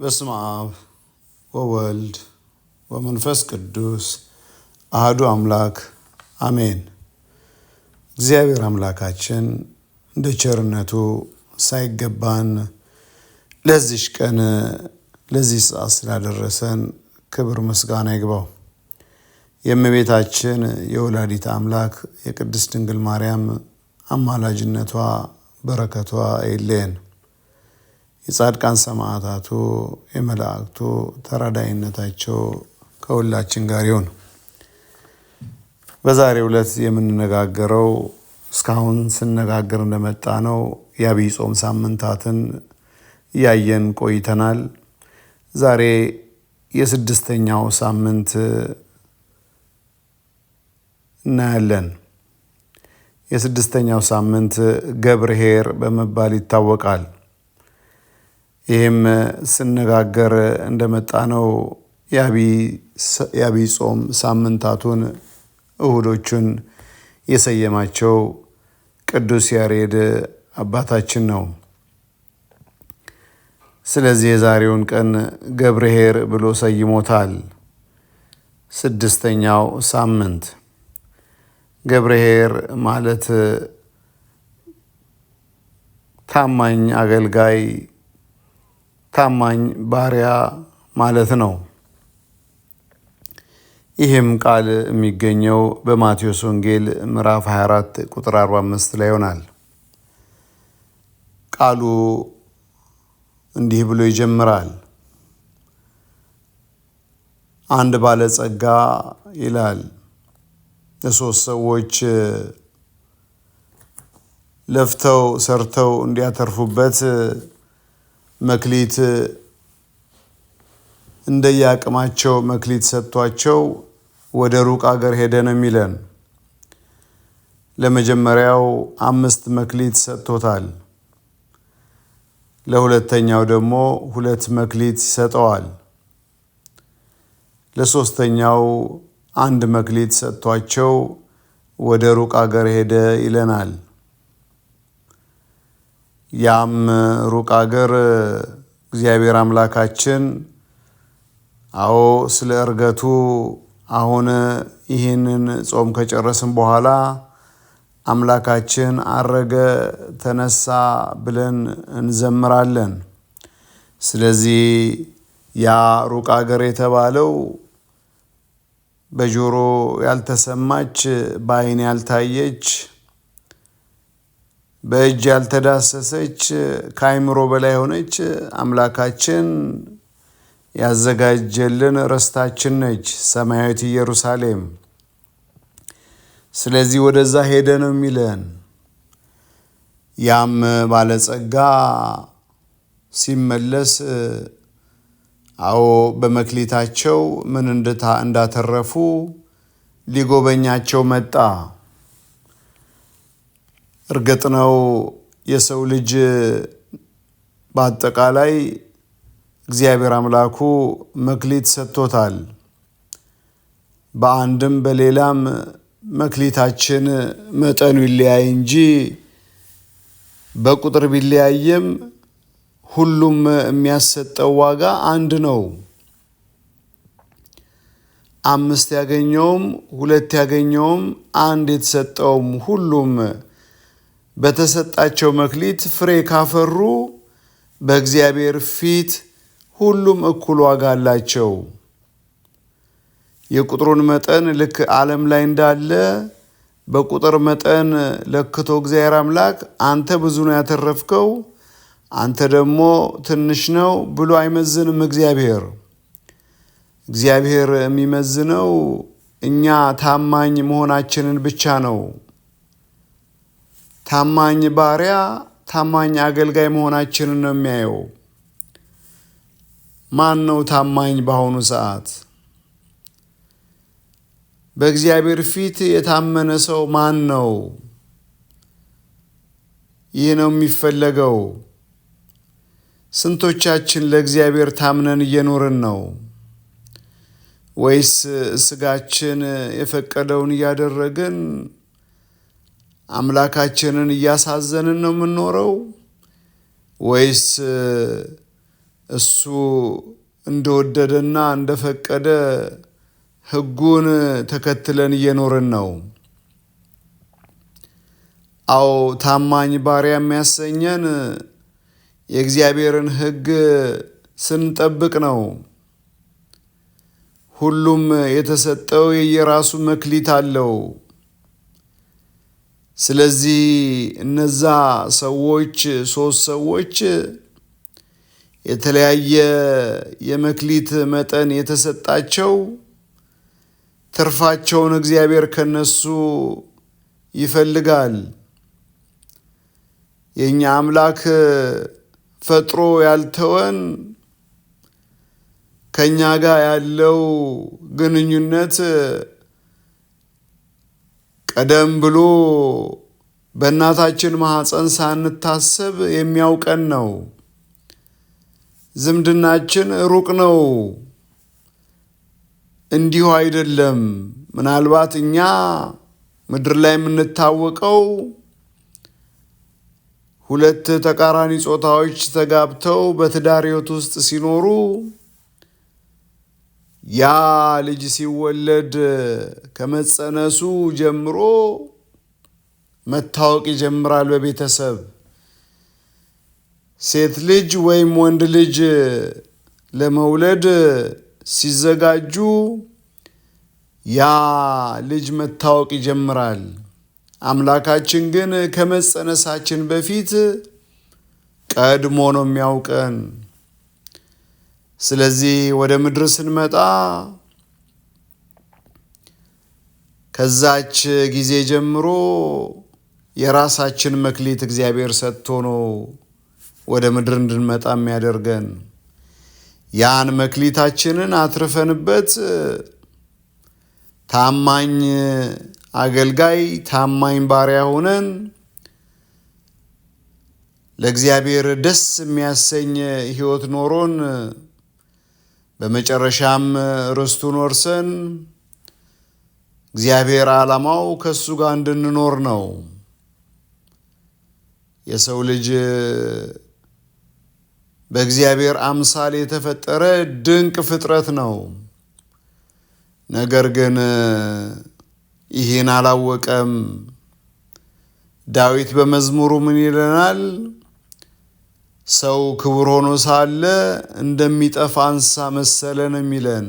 በስመ አብ ወወልድ ወመንፈስ ቅዱስ አህዱ አምላክ አሜን። እግዚአብሔር አምላካችን እንደ ቸርነቱ ሳይገባን ለዚሽ ቀን ለዚህ ሰዓት ስላደረሰን ክብር ምስጋና ይግባው። የእመቤታችን የወላዲት አምላክ የቅድስት ድንግል ማርያም አማላጅነቷ በረከቷ አይለየን። የጻድቃን ሰማዕታቱ የመላእክቱ ተራዳይነታቸው ከሁላችን ጋር ይሁን። በዛሬው ዕለት የምንነጋገረው እስካሁን ስነጋገር እንደመጣ ነው የአብይ ጾም ሳምንታትን እያየን ቆይተናል። ዛሬ የስድስተኛው ሳምንት እናያለን። የስድስተኛው ሳምንት ገብርሄር በመባል ይታወቃል። ይህም ስነጋገር እንደመጣ ነው የአብይ ጾም ሳምንታቱን እሁዶቹን የሰየማቸው ቅዱስ ያሬድ አባታችን ነው። ስለዚህ የዛሬውን ቀን ገብርሄር ብሎ ሰይሞታል። ስድስተኛው ሳምንት ገብርሄር ማለት ታማኝ አገልጋይ ታማኝ ባሪያ ማለት ነው። ይህም ቃል የሚገኘው በማቴዎስ ወንጌል ምዕራፍ 24 ቁጥር 45 ላይ ይሆናል። ቃሉ እንዲህ ብሎ ይጀምራል። አንድ ባለጸጋ ይላል ለሶስት ሰዎች ለፍተው ሰርተው እንዲያተርፉበት መክሊት እንደየአቅማቸው መክሊት ሰጥቷቸው ወደ ሩቅ አገር ሄደን የሚለን። ለመጀመሪያው አምስት መክሊት ሰጥቶታል። ለሁለተኛው ደግሞ ሁለት መክሊት ይሰጠዋል። ለሶስተኛው አንድ መክሊት ሰጥቷቸው ወደ ሩቅ አገር ሄደ ይለናል። ያም ሩቅ አገር እግዚአብሔር አምላካችን አዎ ስለ እርገቱ አሁን ይህንን ጾም ከጨረስን በኋላ አምላካችን አረገ ተነሳ ብለን እንዘምራለን። ስለዚህ ያ ሩቅ አገር የተባለው በጆሮ ያልተሰማች በዓይን ያልታየች በእጅ ያልተዳሰሰች ከአይምሮ በላይ የሆነች አምላካችን ያዘጋጀልን ርስታችን ነች ሰማያዊት ኢየሩሳሌም። ስለዚህ ወደዛ ሄደ ነው የሚለን። ያም ባለጸጋ ሲመለስ አዎ በመክሊታቸው ምን እንዳተረፉ ሊጎበኛቸው መጣ። እርግጥ ነው የሰው ልጅ በአጠቃላይ እግዚአብሔር አምላኩ መክሊት ሰጥቶታል። በአንድም በሌላም መክሊታችን መጠኑ ይለያይ እንጂ በቁጥር ቢለያየም ሁሉም የሚያሰጠው ዋጋ አንድ ነው። አምስት ያገኘውም ሁለት ያገኘውም አንድ የተሰጠውም ሁሉም በተሰጣቸው መክሊት ፍሬ ካፈሩ በእግዚአብሔር ፊት ሁሉም እኩል ዋጋ አላቸው። የቁጥሩን መጠን ልክ ዓለም ላይ እንዳለ በቁጥር መጠን ለክቶ እግዚአብሔር አምላክ አንተ ብዙ ነው ያተረፍከው፣ አንተ ደግሞ ትንሽ ነው ብሎ አይመዝንም። እግዚአብሔር እግዚአብሔር የሚመዝነው እኛ ታማኝ መሆናችንን ብቻ ነው። ታማኝ ባሪያ ታማኝ አገልጋይ መሆናችንን ነው የሚያየው። ማን ነው ታማኝ? በአሁኑ ሰዓት በእግዚአብሔር ፊት የታመነ ሰው ማን ነው? ይህ ነው የሚፈለገው። ስንቶቻችን ለእግዚአብሔር ታምነን እየኖርን ነው? ወይስ ስጋችን የፈቀደውን እያደረግን አምላካችንን እያሳዘንን ነው የምንኖረው ወይስ እሱ እንደወደደና እንደፈቀደ ሕጉን ተከትለን እየኖርን ነው? አዎ ታማኝ ባሪያ የሚያሰኘን የእግዚአብሔርን ሕግ ስንጠብቅ ነው። ሁሉም የተሰጠው የየራሱ መክሊት አለው። ስለዚህ እነዛ ሰዎች ሶስት ሰዎች የተለያየ የመክሊት መጠን የተሰጣቸው ትርፋቸውን እግዚአብሔር ከነሱ ይፈልጋል። የእኛ አምላክ ፈጥሮ ያልተወን ከእኛ ጋር ያለው ግንኙነት ቀደም ብሎ በእናታችን ማኅፀን ሳንታሰብ የሚያውቀን ነው። ዝምድናችን ሩቅ ነው። እንዲሁ አይደለም። ምናልባት እኛ ምድር ላይ የምንታወቀው ሁለት ተቃራኒ ጾታዎች ተጋብተው በትዳር ሕይወት ውስጥ ሲኖሩ ያ ልጅ ሲወለድ ከመጸነሱ ጀምሮ መታወቅ ይጀምራል በቤተሰብ ሴት ልጅ ወይም ወንድ ልጅ ለመውለድ ሲዘጋጁ ያ ልጅ መታወቅ ይጀምራል። አምላካችን ግን ከመጸነሳችን በፊት ቀድሞ ነው የሚያውቀን። ስለዚህ ወደ ምድር ስንመጣ ከዛች ጊዜ ጀምሮ የራሳችን መክሊት እግዚአብሔር ሰጥቶ ነው ወደ ምድር እንድንመጣ የሚያደርገን። ያን መክሊታችንን አትርፈንበት ታማኝ አገልጋይ፣ ታማኝ ባሪያ ሆነን ለእግዚአብሔር ደስ የሚያሰኝ ሕይወት ኖሮን በመጨረሻም ርስቱን ኖርሰን እግዚአብሔር ዓላማው ከእሱ ጋር እንድንኖር ነው። የሰው ልጅ በእግዚአብሔር አምሳል የተፈጠረ ድንቅ ፍጥረት ነው። ነገር ግን ይህን አላወቀም። ዳዊት በመዝሙሩ ምን ይለናል? ሰው ክቡር ሆኖ ሳለ እንደሚጠፋ እንስሳ መሰለን የሚለን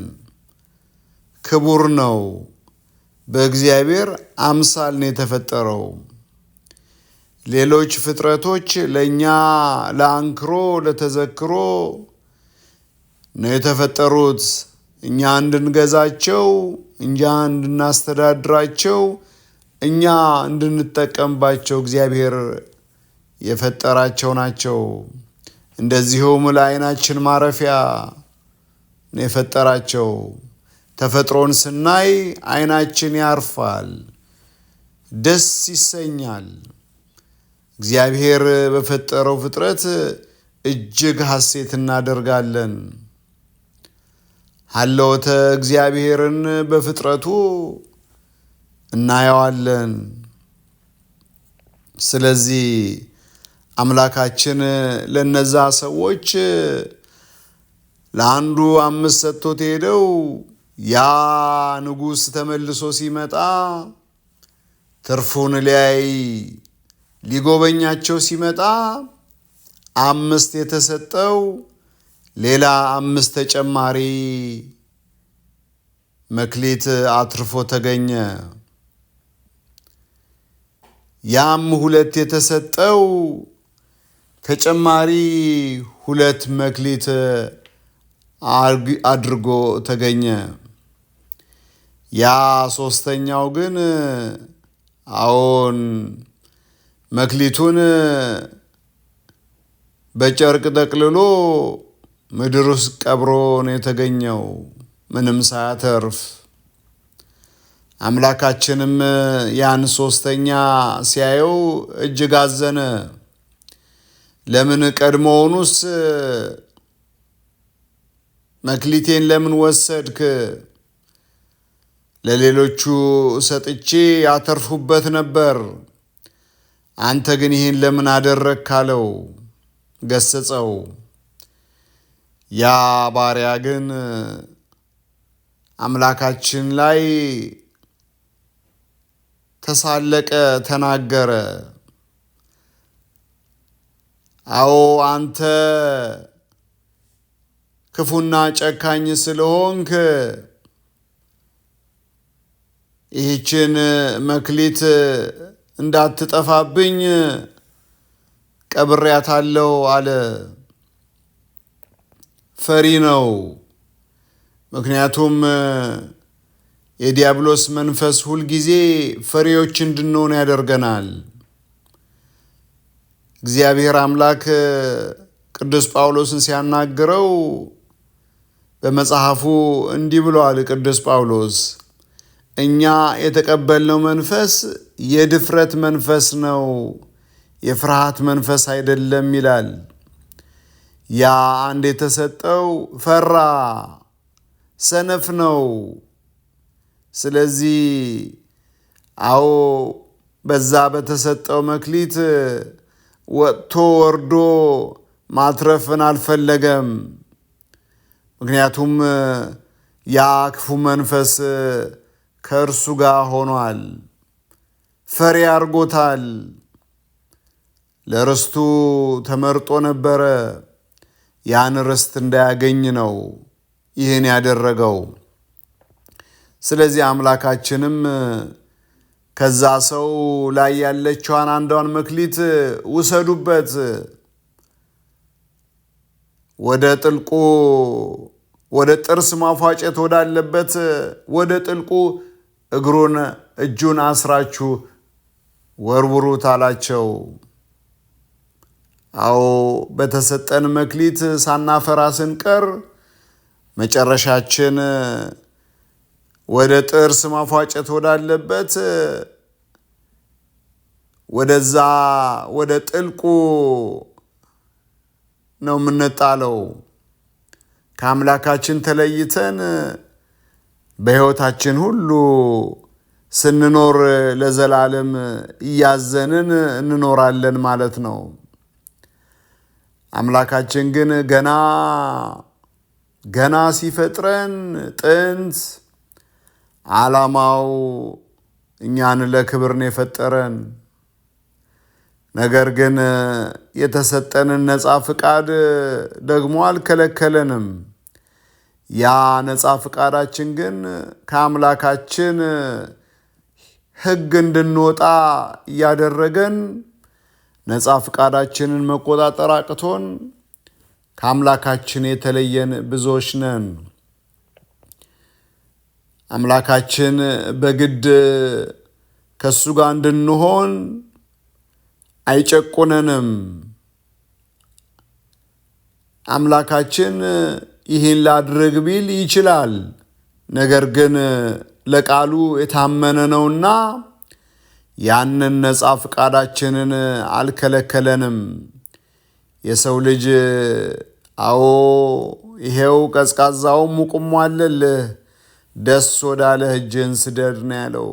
ክቡር ነው። በእግዚአብሔር አምሳል ነው የተፈጠረው። ሌሎች ፍጥረቶች ለእኛ ለአንክሮ ለተዘክሮ ነው የተፈጠሩት። እኛ እንድንገዛቸው፣ እኛ እንድናስተዳድራቸው፣ እኛ እንድንጠቀምባቸው እግዚአብሔር የፈጠራቸው ናቸው። እንደዚሁም ለዓይናችን ማረፊያ ነው የፈጠራቸው። ተፈጥሮን ስናይ ዓይናችን ያርፋል፣ ደስ ይሰኛል። እግዚአብሔር በፈጠረው ፍጥረት እጅግ ሐሴት እናደርጋለን። ሀለወተ እግዚአብሔርን በፍጥረቱ እናየዋለን። ስለዚህ አምላካችን ለነዛ ሰዎች ለአንዱ አምስት ሰጥቶት ሄደው ያ ንጉሥ ተመልሶ ሲመጣ ትርፉን ሊያይ ሊጎበኛቸው ሲመጣ አምስት የተሰጠው ሌላ አምስት ተጨማሪ መክሊት አትርፎ ተገኘ። ያም ሁለት የተሰጠው ተጨማሪ ሁለት መክሊት አድርጎ ተገኘ። ያ ሶስተኛው ግን አዎን መክሊቱን በጨርቅ ጠቅልሎ ምድር ውስጥ ቀብሮ ነው የተገኘው ምንም ሳያተርፍ። አምላካችንም ያን ሶስተኛ ሲያየው እጅግ አዘነ። ለምን ቀድሞውኑስ መክሊቴን ለምን ወሰድክ? ለሌሎቹ ሰጥቼ ያተርፉበት ነበር። አንተ ግን ይህን ለምን አደረግ ካለው ገሰጸው። ያ ባሪያ ግን አምላካችን ላይ ተሳለቀ፣ ተናገረ። አዎ አንተ ክፉና ጨካኝ ስለሆንክ ይህችን መክሊት እንዳትጠፋብኝ ቀብሬያታለሁ አለ። ፈሪ ነው። ምክንያቱም የዲያብሎስ መንፈስ ሁልጊዜ ፈሪዎች እንድንሆን ያደርገናል። እግዚአብሔር አምላክ ቅዱስ ጳውሎስን ሲያናግረው በመጽሐፉ እንዲህ ብለዋል ቅዱስ ጳውሎስ እኛ የተቀበልነው መንፈስ የድፍረት መንፈስ ነው፣ የፍርሃት መንፈስ አይደለም ይላል። ያ አንድ የተሰጠው ፈራ፣ ሰነፍ ነው። ስለዚህ አዎ በዛ በተሰጠው መክሊት ወጥቶ ወርዶ ማትረፍን አልፈለገም። ምክንያቱም ያ ክፉ መንፈስ ከእርሱ ጋር ሆኗል፣ ፈሪ አርጎታል። ለርስቱ ተመርጦ ነበረ። ያን ርስት እንዳያገኝ ነው ይህን ያደረገው። ስለዚህ አምላካችንም ከዛ ሰው ላይ ያለችዋን አንዷን መክሊት ውሰዱበት፣ ወደ ጥልቁ ወደ ጥርስ ማፏጨት ወዳለበት ወደ ጥልቁ እግሩን እጁን አስራችሁ ወርውሩት አላቸው። አዎ በተሰጠን መክሊት ሳናፈራ ስንቀር መጨረሻችን ወደ ጥርስ ማፏጨት ወዳለበት ወደዛ ወደ ጥልቁ ነው የምንጣለው። ከአምላካችን ተለይተን በሕይወታችን ሁሉ ስንኖር ለዘላለም እያዘንን እንኖራለን ማለት ነው። አምላካችን ግን ገና ገና ሲፈጥረን ጥንት ዓላማው እኛን ለክብርን የፈጠረን ነገር ግን የተሰጠንን ነፃ ፍቃድ ደግሞ አልከለከለንም። ያ ነፃ ፍቃዳችን ግን ከአምላካችን ሕግ እንድንወጣ እያደረገን ነፃ ፍቃዳችንን መቆጣጠር አቅቶን ከአምላካችን የተለየን ብዙዎች ነን። አምላካችን በግድ ከእሱ ጋር እንድንሆን አይጨቁነንም። አምላካችን ይህን ላድርግ ቢል ይችላል። ነገር ግን ለቃሉ የታመነ ነውና ያንን ነጻ ፈቃዳችንን አልከለከለንም። የሰው ልጅ አዎ፣ ይሄው ቀዝቃዛውም ሙቁሟለልህ ደስ ወዳለህ እጅህን ስደድ ነው ያለው።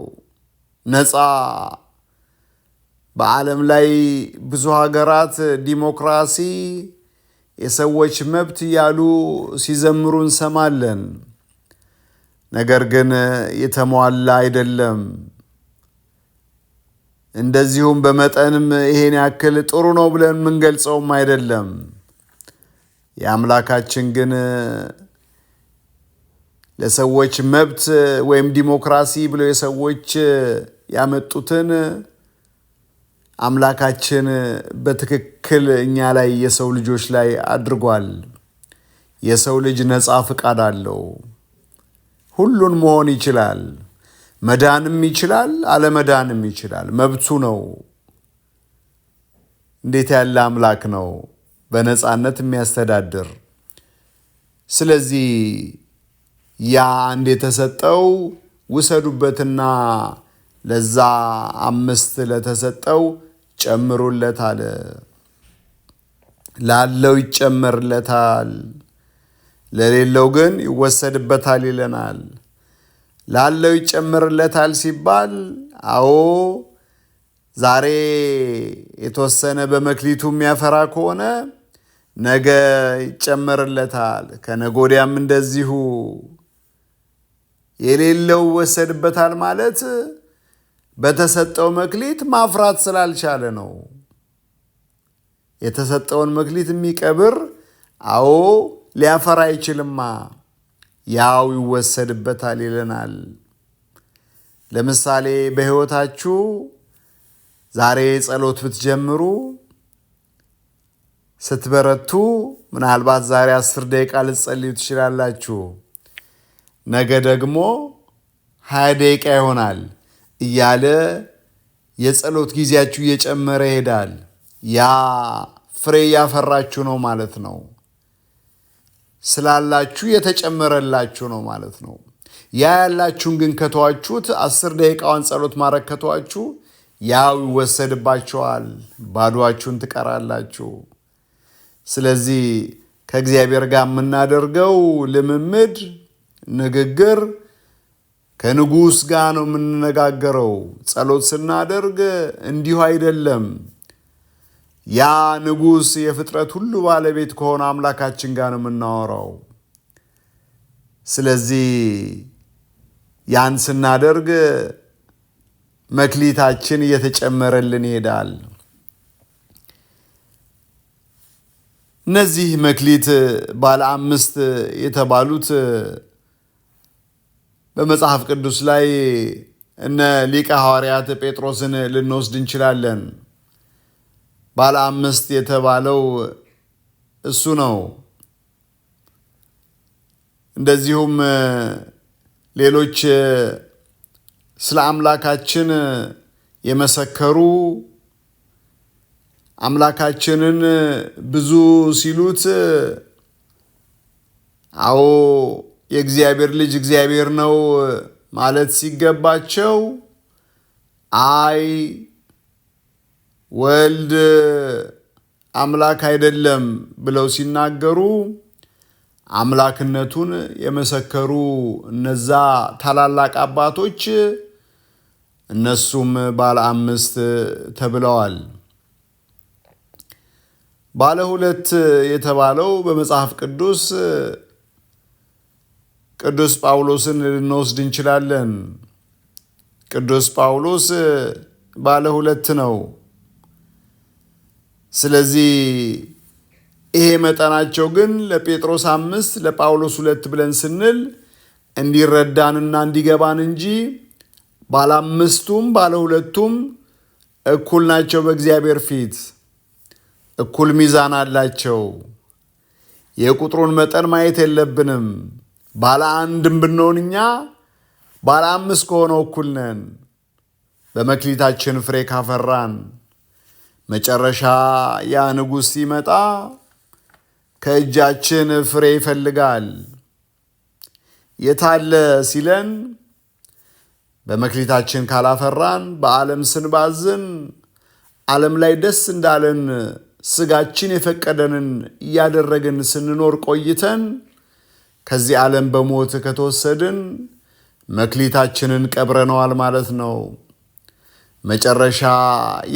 ነፃ በዓለም ላይ ብዙ ሀገራት ዲሞክራሲ፣ የሰዎች መብት እያሉ ሲዘምሩ እንሰማለን። ነገር ግን የተሟላ አይደለም። እንደዚሁም በመጠንም ይሄን ያክል ጥሩ ነው ብለን የምንገልጸውም አይደለም። የአምላካችን ግን ለሰዎች መብት ወይም ዲሞክራሲ ብለው የሰዎች ያመጡትን አምላካችን በትክክል እኛ ላይ የሰው ልጆች ላይ አድርጓል። የሰው ልጅ ነፃ ፍቃድ አለው። ሁሉን መሆን ይችላል። መዳንም ይችላል፣ አለመዳንም ይችላል። መብቱ ነው። እንዴት ያለ አምላክ ነው በነፃነት የሚያስተዳድር። ስለዚህ ያ አንድ የተሰጠው ውሰዱበትና ለዛ አምስት ለተሰጠው ጨምሩለታል። ላለው ይጨመርለታል፣ ለሌለው ግን ይወሰድበታል ይለናል። ላለው ይጨምርለታል ሲባል አዎ ዛሬ የተወሰነ በመክሊቱ የሚያፈራ ከሆነ ነገ ይጨመርለታል፣ ከነገ ወዲያም እንደዚሁ የሌለው ይወሰድበታል ማለት በተሰጠው መክሊት ማፍራት ስላልቻለ ነው። የተሰጠውን መክሊት የሚቀብር አዎ ሊያፈራ አይችልማ፣ ያው ይወሰድበታል ይለናል። ለምሳሌ በሕይወታችሁ ዛሬ ጸሎት ብትጀምሩ ስትበረቱ፣ ምናልባት ዛሬ አስር ደቂቃ ልትጸልዩ ትችላላችሁ። ነገ ደግሞ ሀያ ደቂቃ ይሆናል እያለ የጸሎት ጊዜያችሁ እየጨመረ ይሄዳል። ያ ፍሬ እያፈራችሁ ነው ማለት ነው። ስላላችሁ የተጨመረላችሁ ነው ማለት ነው። ያ ያላችሁን ግን ከተዋችሁት፣ አስር ደቂቃዋን ጸሎት ማድረግ ከተዋችሁ፣ ያው ይወሰድባችኋል፣ ባዷችሁን ትቀራላችሁ። ስለዚህ ከእግዚአብሔር ጋር የምናደርገው ልምምድ ንግግር ከንጉሥ ጋር ነው የምንነጋገረው። ጸሎት ስናደርግ እንዲሁ አይደለም። ያ ንጉሥ የፍጥረት ሁሉ ባለቤት ከሆነ አምላካችን ጋር ነው የምናወራው። ስለዚህ ያን ስናደርግ መክሊታችን እየተጨመረልን ይሄዳል። እነዚህ መክሊት ባለ አምስት የተባሉት በመጽሐፍ ቅዱስ ላይ እነ ሊቀ ሐዋርያት ጴጥሮስን ልንወስድ እንችላለን። ባለ አምስት የተባለው እሱ ነው። እንደዚሁም ሌሎች ስለ አምላካችን የመሰከሩ አምላካችንን ብዙ ሲሉት አዎ የእግዚአብሔር ልጅ እግዚአብሔር ነው ማለት ሲገባቸው አይ ወልድ አምላክ አይደለም ብለው ሲናገሩ አምላክነቱን የመሰከሩ እነዛ ታላላቅ አባቶች እነሱም ባለ አምስት ተብለዋል። ባለ ሁለት የተባለው በመጽሐፍ ቅዱስ ቅዱስ ጳውሎስን ልንወስድ እንችላለን። ቅዱስ ጳውሎስ ባለ ሁለት ነው። ስለዚህ ይሄ መጠናቸው ግን ለጴጥሮስ አምስት ለጳውሎስ ሁለት ብለን ስንል እንዲረዳንና እንዲገባን እንጂ ባለ አምስቱም ባለ ሁለቱም እኩል ናቸው። በእግዚአብሔር ፊት እኩል ሚዛን አላቸው። የቁጥሩን መጠን ማየት የለብንም። ባለ አንድም ብንሆን እኛ ባለ አምስት ከሆነ እኩል ነን። በመክሊታችን ፍሬ ካፈራን መጨረሻ ያ ንጉሥ ሲመጣ ከእጃችን ፍሬ ይፈልጋል። የታለ ሲለን በመክሊታችን ካላፈራን በዓለም ስንባዝን ዓለም ላይ ደስ እንዳለን ስጋችን የፈቀደንን እያደረግን ስንኖር ቆይተን ከዚህ ዓለም በሞት ከተወሰድን መክሊታችንን ቀብረነዋል ማለት ነው። መጨረሻ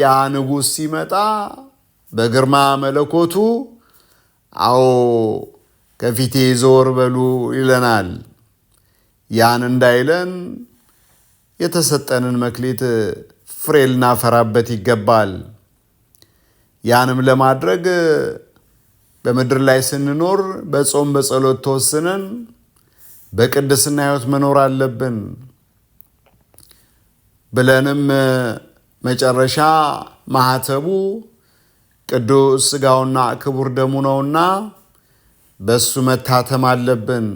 ያ ንጉሥ ሲመጣ በግርማ መለኮቱ አዎ ከፊቴ ዞር በሉ ይለናል። ያን እንዳይለን የተሰጠንን መክሊት ፍሬ ልናፈራበት ይገባል። ያንም ለማድረግ በምድር ላይ ስንኖር በጾም በጸሎት ተወስነን በቅድስና ሕይወት መኖር አለብን ብለንም መጨረሻ ማህተቡ ቅዱስ ስጋውና ክቡር ደሙ ነውና በሱ መታተም አለብን።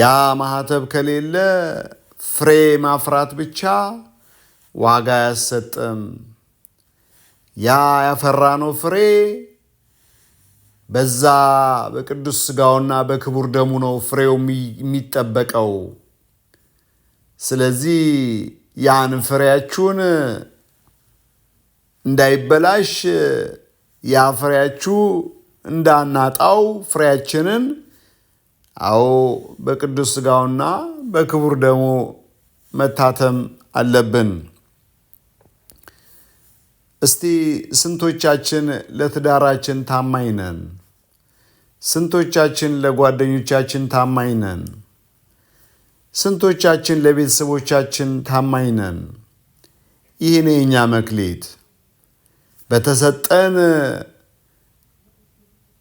ያ ማህተብ ከሌለ ፍሬ ማፍራት ብቻ ዋጋ አያሰጥም። ያ ያፈራነው ፍሬ በዛ በቅዱስ ስጋውና በክቡር ደሙ ነው ፍሬው የሚጠበቀው። ስለዚህ ያን ፍሬያችሁን እንዳይበላሽ ያ ፍሬያችሁ እንዳናጣው ፍሬያችንን አዎ በቅዱስ ስጋውና በክቡር ደሙ መታተም አለብን። እስቲ ስንቶቻችን ለትዳራችን ታማኝ ነን? ስንቶቻችን ለጓደኞቻችን ታማኝ ነን? ስንቶቻችን ለቤተሰቦቻችን ታማኝ ነን? ይህን የእኛ መክሊት በተሰጠን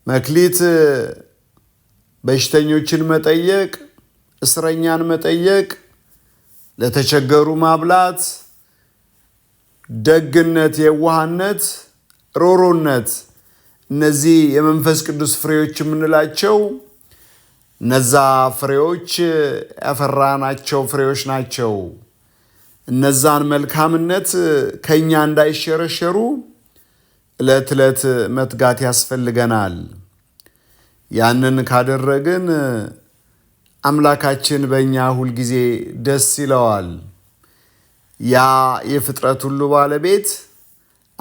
መክሊት በሽተኞችን መጠየቅ፣ እስረኛን መጠየቅ፣ ለተቸገሩ ማብላት ደግነት፣ የዋህነት፣ ሮሮነት እነዚህ የመንፈስ ቅዱስ ፍሬዎች የምንላቸው እነዛ ፍሬዎች ያፈራናቸው ፍሬዎች ናቸው። እነዛን መልካምነት ከእኛ እንዳይሸረሸሩ ዕለት ዕለት መትጋት ያስፈልገናል። ያንን ካደረግን አምላካችን በእኛ ሁልጊዜ ደስ ይለዋል። ያ የፍጥረት ሁሉ ባለቤት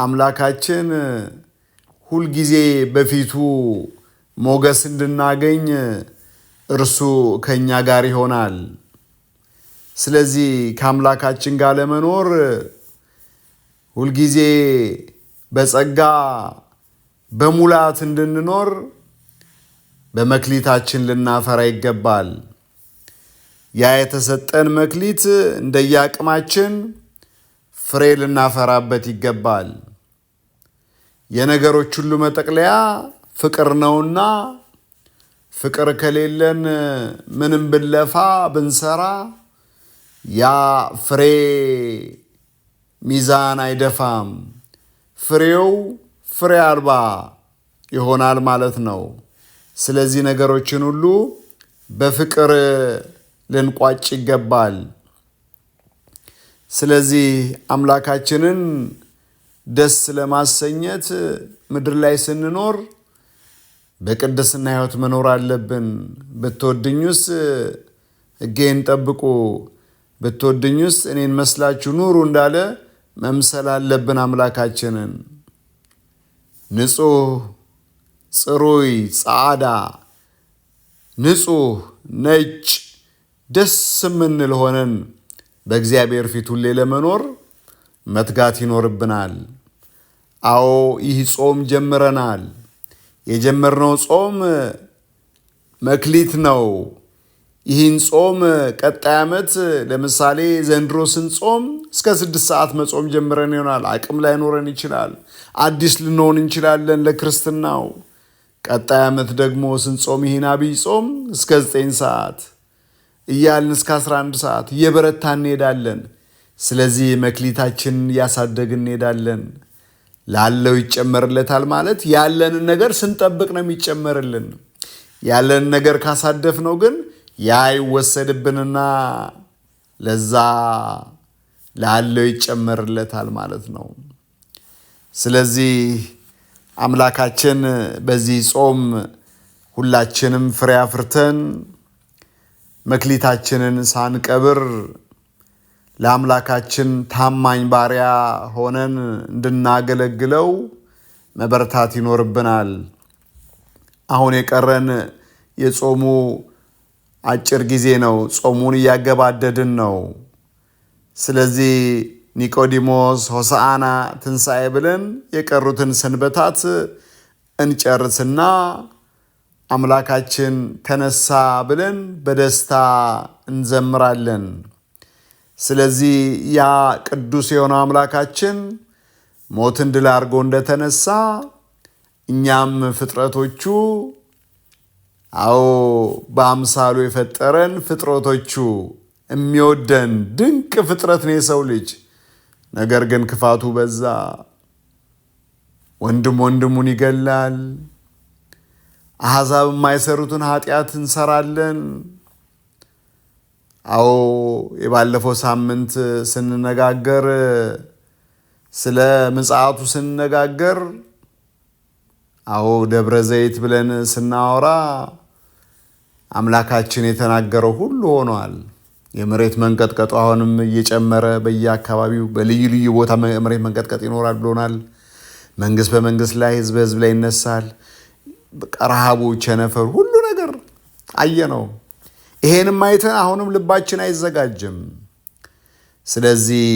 አምላካችን ሁልጊዜ በፊቱ ሞገስ እንድናገኝ እርሱ ከእኛ ጋር ይሆናል። ስለዚህ ከአምላካችን ጋር ለመኖር ሁልጊዜ በጸጋ በሙላት እንድንኖር በመክሊታችን ልናፈራ ይገባል። ያ የተሰጠን መክሊት እንደየአቅማችን ፍሬ ልናፈራበት ይገባል። የነገሮች ሁሉ መጠቅለያ ፍቅር ነውና ፍቅር ከሌለን ምንም ብንለፋ ብንሰራ ያ ፍሬ ሚዛን አይደፋም። ፍሬው ፍሬ አልባ ይሆናል ማለት ነው። ስለዚህ ነገሮችን ሁሉ በፍቅር ልንቋጭ ይገባል። ስለዚህ አምላካችንን ደስ ለማሰኘት ምድር ላይ ስንኖር በቅድስና ሕይወት መኖር አለብን። ብትወድኙስ ሕጌን ጠብቁ፣ ብትወድኙስ እኔን መስላችሁ ኑሩ እንዳለ መምሰል አለብን አምላካችንን። ንጹህ ጽሩይ፣ ጻዕዳ ንጹህ ነጭ ደስ የምንል ሆነን በእግዚአብሔር ፊት ሁሌ ለመኖር መትጋት ይኖርብናል። አዎ ይህ ጾም ጀምረናል። የጀመርነው ጾም መክሊት ነው። ይህን ጾም ቀጣይ ዓመት ለምሳሌ ዘንድሮ ስንጾም እስከ ስድስት ሰዓት መጾም ጀምረን ይሆናል። አቅም ላይኖረን ይችላል። አዲስ ልንሆን እንችላለን ለክርስትናው። ቀጣይ ዓመት ደግሞ ስንጾም ይህን አብይ ጾም እስከ ዘጠኝ ሰዓት እያልን እስከ 11 ሰዓት እየበረታ እንሄዳለን። ስለዚህ መክሊታችንን እያሳደግ እንሄዳለን። ላለው ይጨመርለታል ማለት ያለንን ነገር ስንጠብቅ ነው የሚጨመርልን። ያለንን ነገር ካሳደፍ ነው ግን ያ ይወሰድብንና ለዛ ላለው ይጨመርለታል ማለት ነው። ስለዚህ አምላካችን በዚህ ጾም ሁላችንም ፍሬ አፍርተን መክሊታችንን ሳንቀብር ለአምላካችን ታማኝ ባሪያ ሆነን እንድናገለግለው መበርታት ይኖርብናል። አሁን የቀረን የጾሙ አጭር ጊዜ ነው። ጾሙን እያገባደድን ነው። ስለዚህ ኒቆዲሞስ፣ ሆሳዕና፣ ትንሣኤ ብለን የቀሩትን ሰንበታት እንጨርስና አምላካችን ተነሳ ብለን በደስታ እንዘምራለን። ስለዚህ ያ ቅዱስ የሆነው አምላካችን ሞትን ድል አድርጎ እንደተነሳ እኛም ፍጥረቶቹ አዎ በአምሳሉ የፈጠረን ፍጥረቶቹ የሚወደን ድንቅ ፍጥረት ነው የሰው ልጅ። ነገር ግን ክፋቱ በዛ። ወንድም ወንድሙን ይገላል። አሕዛብ የማይሰሩትን ኃጢአት እንሰራለን። አዎ የባለፈው ሳምንት ስንነጋገር ስለ ምጽአቱ ስንነጋገር አዎ ደብረ ዘይት ብለን ስናወራ አምላካችን የተናገረው ሁሉ ሆኗል። የመሬት መንቀጥቀጡ አሁንም እየጨመረ በየአካባቢው በልዩ ልዩ ቦታ መሬት መንቀጥቀጥ ይኖራል ብሎናል። መንግስት በመንግስት ላይ፣ ህዝብ በህዝብ ላይ ይነሳል። ረሃቦች፣ ቸነፈር፣ ሁሉ ነገር አየ ነው። ይሄንም አይተን አሁንም ልባችን አይዘጋጅም። ስለዚህ